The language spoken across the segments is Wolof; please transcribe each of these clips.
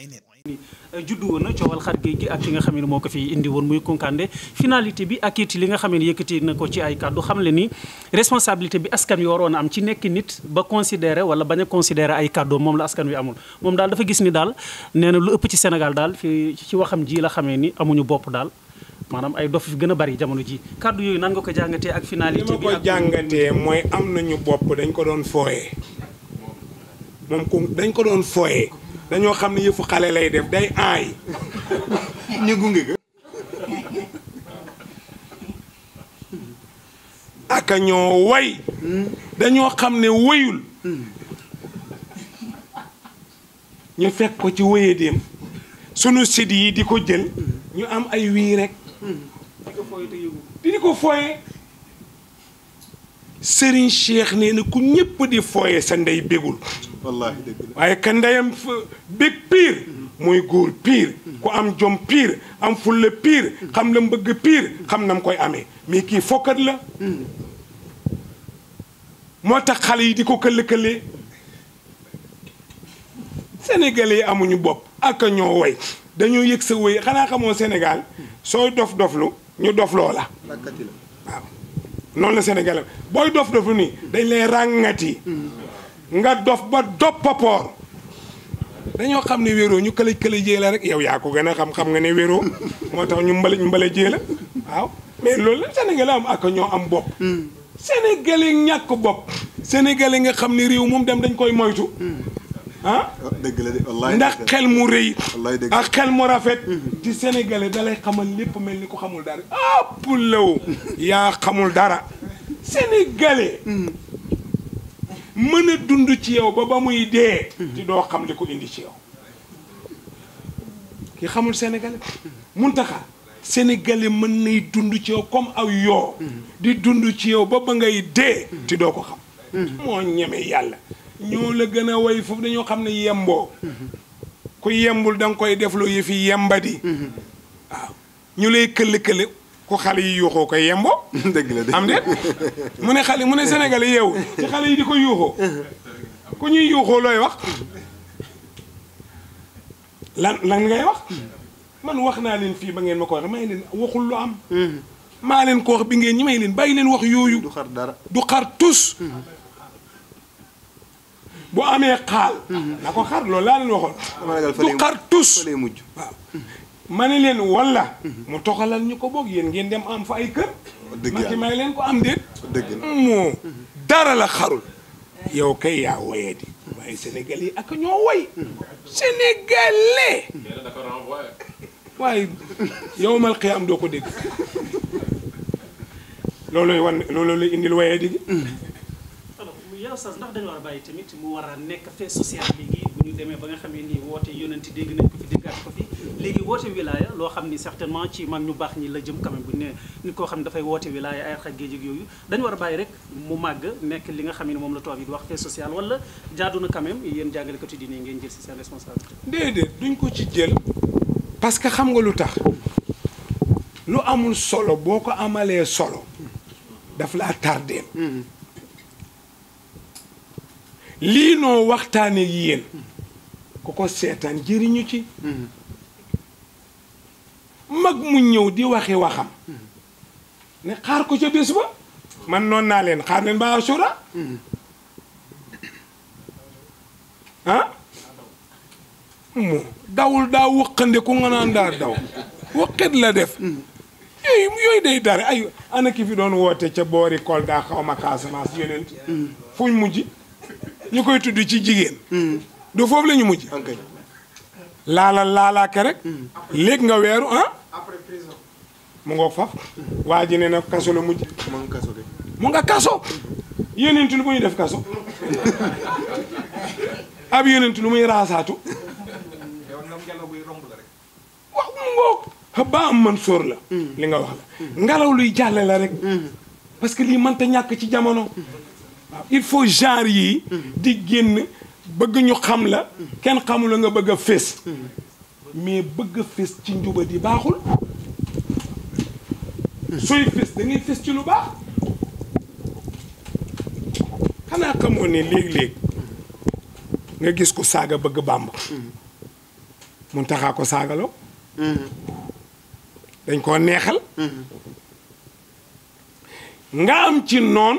Eh, juddu woon na coowal xar géej gi ak ki nga xam ne moo ko fi indi woon muy Kunkande finalité bi ak it li nga xam ne yëkkati na ko ci ay kàddu xam ni responsabilité bi askan wi waroon am ci nekk nit ba considérer wala bañ a considérer ay kàddu moom la askan wi amul moom daal dafa gis ni daal nee na lu ëpp ci Sénégal daal fi ci waxam ji la xamee ni amuñu bopp daal maanaam ay dof yu gën a bari jamono ji kàddu yooyu nan nga ko jàngatee ak finalité bi ak ko jàngatee mooy am nañu bopp dañ ko doon fooyee moom dañ ko doon fooyee dañoo xam ne yëfu xale lay dem day aay ñu gunge ko aka ñoo way dañoo xam ne wéyul ñu fekk ko ci wéye dem sunu sit yi di ko jël ñu am ay wii rek di ko fooye di ko fooye Serigne Cheikh nee ku ñëpp di fooye sa ndey bégul wallaahi waaye ka ndeyam fa bég piir mooy góor piir ku am jom piir am fulla piir xam la mbëgg piir xam na mu koy amee mais kii fokkat la moo tax xale yi di ko këll këllëkëlee sénégalais yi amuñu bopp ak ñoo woy dañoo yëg sa woy xanaa xamoo senegal sooy dof doflu ñu dofloo la waaw la Sénégal booy dof doflu nii dañ lay ràngati nga dof ba doppapoor dañoo xam ne wéeroo ñu këlëj këlëj jee la rek yow yaa ko gën a xam xam nga ne wéeroo moo tax ñu mbale mbale jee la waaw loolu la Sénégal am ak ñoo am bopp. Hmm. Sénégal yi ñàkk bopp. Sénégal yi nga xam ne réew moom dem dañ koy moytu. Hmm. ah oh, dëgg ndax xel mu rëy. ak xel mu rafet. di hmm. sénégalais da lay xamal lépp mel ni ku xamul dara ah Pulo yaa xamul dara sénégalais. mën a dund ci yow ba ba muy dee te doo xam li ko indi ci yow ki xamul sénégalais muntaxa sénégalais mën nay dund ci yaw comme aw yoo di dund ci yow ba ba ngay dee te doo ko xam moo ñeme yàlla ñoo la gën a way foofu dañoo xam ne yemboo ku yembul da koy def lu yëfi yembadi waaw ñu lay këll këll ku xale yi yuuxoo koy yemboo. dëgg la am déet mu ne xale mu ne Sénégal yeewu ci xale yi di ko yuuxoo ku ñuy yuuxoo looy wax lan lan ngay wax man wax naa leen fii ba ngeen ma ko wax may leen waxul lu am. maa leen ko wax bi ngeen ñi may leen bàyyi leen wax yooyu. du xar dara du xar tus. bu amee xaal. Mm-hmm. na ko xar loolu laa leen waxoon. du xar tus ma ne leen walla mu toxalal ñu ko boog yéen ngeen dem am fa ay kër ma may leen ko am déet moo dara la xarul yow kay yaa woyee di waaye sénégal yi ak ñoo woy sénégalais waaye yowmal xiyaam doo ko dégg loolu lay wan loolu lay indil woyee di mais oustaz ndax dañu war a bàyyi tamit mu war a nekk fait social léegi bu ñu demee ba nga xam ne nii woote yonent dégg nañ ko fi déggaat fi léegi woote wilaya loo xam ni certainement ci mag ñu baax ñi la jëm quand bu ñu ne nit koo xam ne dafay woote wilaya ay xaj géej ak yooyu dañu war a bàyyi rek mu màgg nekk li nga xam ne moom la tubaab yi di wax fait social wala jaadu na quand même yéen jàngalekatu diine ngeen jël si seen responsabilité déedéet duñ ko ci parce que xam nga lu tax amul solo boo ko amalee solo daf lii noo waxtaane yéen ku ko seetaan jëriñu ci mag mu ñëw di waxi waxam ne xaar ko ca bés ba man noon naa leen xaar leen ba asura ah moo dawul daa wëqande ku nga naan daa daw wëqit la def yooyu yooyu day dara ay ana fi doon woote ca boori Kolda xaw ma Casamance yeneen fuñ mujj ñu koy tudd ci jigéen. Hmm. du foofu la ñu mujj. laala laalaake rek. Hmm. léeg nga weeru ah. après prison. mu ngoog fa hmm. waa ne na kaso la mujj. mu nga kaso de. mu nga kaso. yónent lu muy def kaso. ab yónent lu muy raasaatu. waaw mu ngoog. xabaar am man sóor la. li nga wax la. ngelaw luy jàlle la rek. parce que lii mënta ñàkk ci jamono. il faut genre yii di génn bëgg ñu xam la kenn xamul nga bëgg a fés mais bëgg a ci njuba di baaxul sooy fés da ngay ci lu baax xanaa xamoo ne léeg-léeg nga gis ko saaga bëgg bàmb mun taxaa ko saagaloo dañ koo neexal nga am ci noon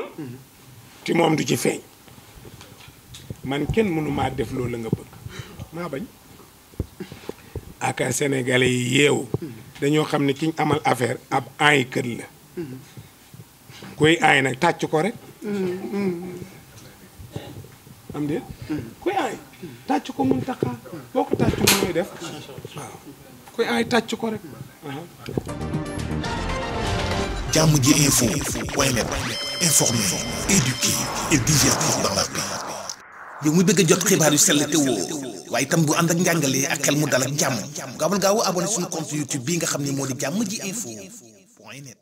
ci moom du ci feeñ man kenn mënumaa def loolu la nga bëgg maa bañ aka sénégalais yi yeewu dañoo xam ne ki amal affaire ab aay kër la kuy aay nag tàcc ko rek am déet kuy aay tàcc ko mun taxaa boo ko tàcc mu nooy def waaw kuy aay ko rek informer, éduquer et divertir yow mi bëgg jot xibaar yu sell te woo waaye itam bu ànd ak njàngalee ak xel mu dal ak jàmm gaawal gaaw abonné suñu compte YouTube bii nga xam ne moo di jàmm ji info